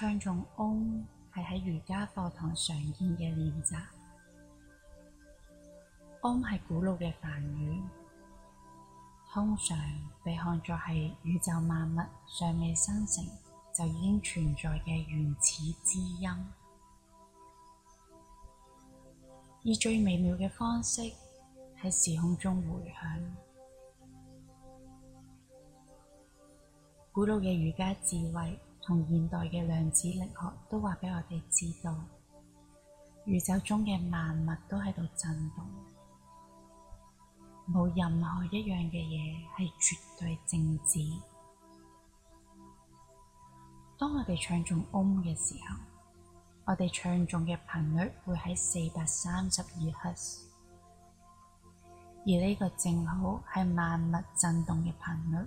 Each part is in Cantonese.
唱誦唵係喺瑜伽課堂常見嘅練習。唵係古老嘅梵語，通常被看作係宇宙萬物尚未生成就已經存在嘅原始之音，以最微妙嘅方式喺時空中回響。古老嘅瑜伽智慧，同現代嘅量子力學都話畀我哋知道，宇宙中嘅萬物都喺度震動，冇任何一樣嘅嘢係絕對靜止。當我哋唱中「嗡」嘅時候，我哋唱中嘅頻率會喺四百三十二赫，而呢個正好係萬物震動嘅頻率。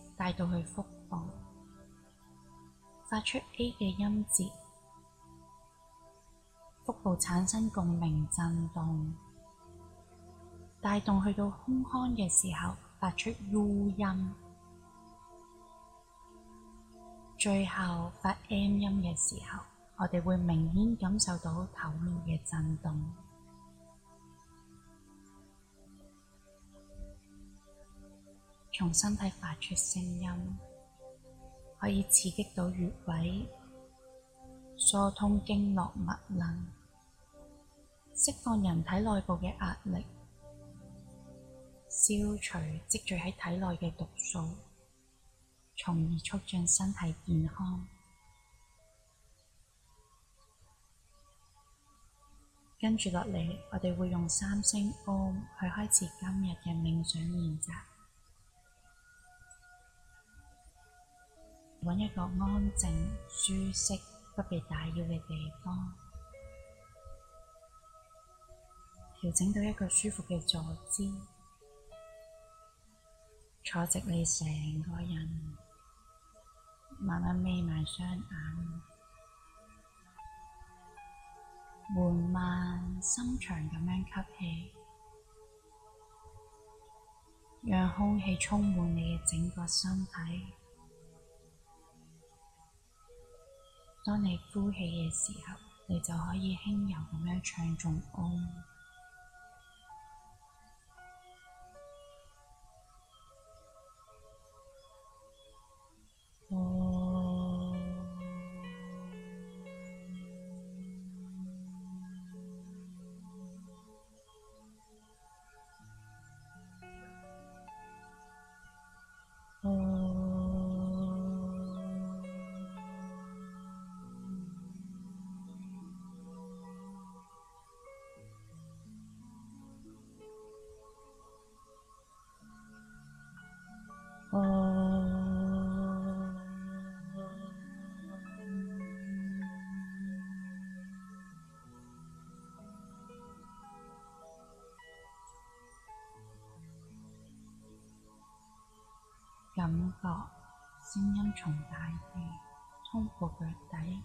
帶到去腹部，發出 a 嘅音節，腹部產生共鳴震動，帶動去到胸腔嘅時候發出 u 音，最後發 m 音嘅時候，我哋會明顯感受到頭面嘅震動。從身體發出聲音，可以刺激到穴位，疏通經絡脈輪，釋放人體內部嘅壓力，消除積聚喺體內嘅毒素，從而促進身體健康。跟住落嚟，我哋會用三聲 OM 去開始今日嘅冥想練習。揾一個安靜、舒適、不被打擾嘅地方，調整到一個舒服嘅坐姿，坐直你成個人，慢慢眯埋雙眼，緩慢、深長咁樣吸氣，讓空氣充滿你嘅整個身體。當你呼氣嘅時候，你就可以輕柔咁樣唱誦 OM。感覺聲音從大地通過腳底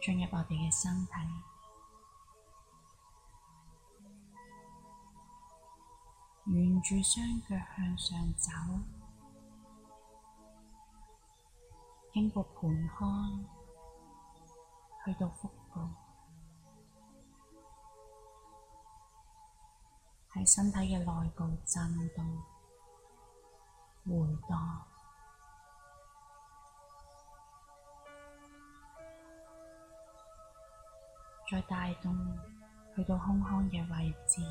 進入我哋嘅身體，沿住雙腳向上走，經過盆腔去到腹部，喺身體嘅內部震動。回蕩，再大洞去到空空嘅位置，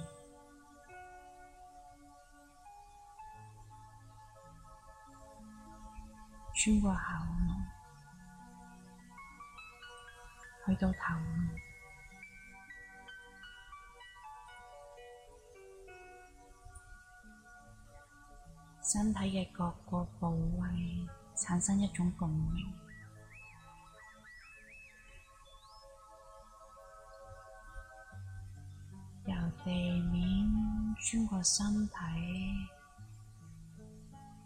穿過喉嚨，去到頭。身體嘅各個部位產生一種共鳴，由地面穿過身體，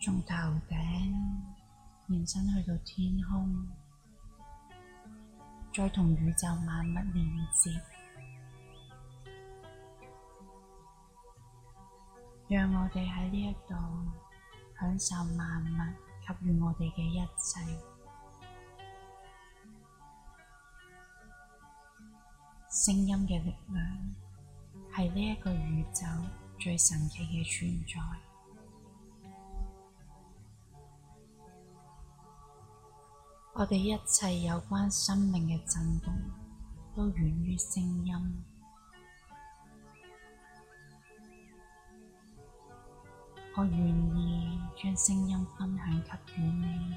從頭頂延伸去到天空，再同宇宙萬物連接，讓我哋喺呢一度。享受萬物給予我哋嘅一切，聲音嘅力量，係呢一個宇宙最神奇嘅存在。我哋一切有關生命嘅震動，都源於聲音。我願意將聲音分享給你，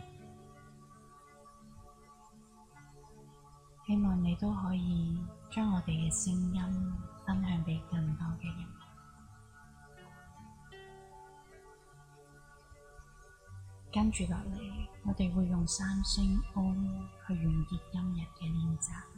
希望你都可以將我哋嘅聲音分享俾更多嘅人。跟住落嚟，我哋會用三聲 Om 去完結今日嘅練習。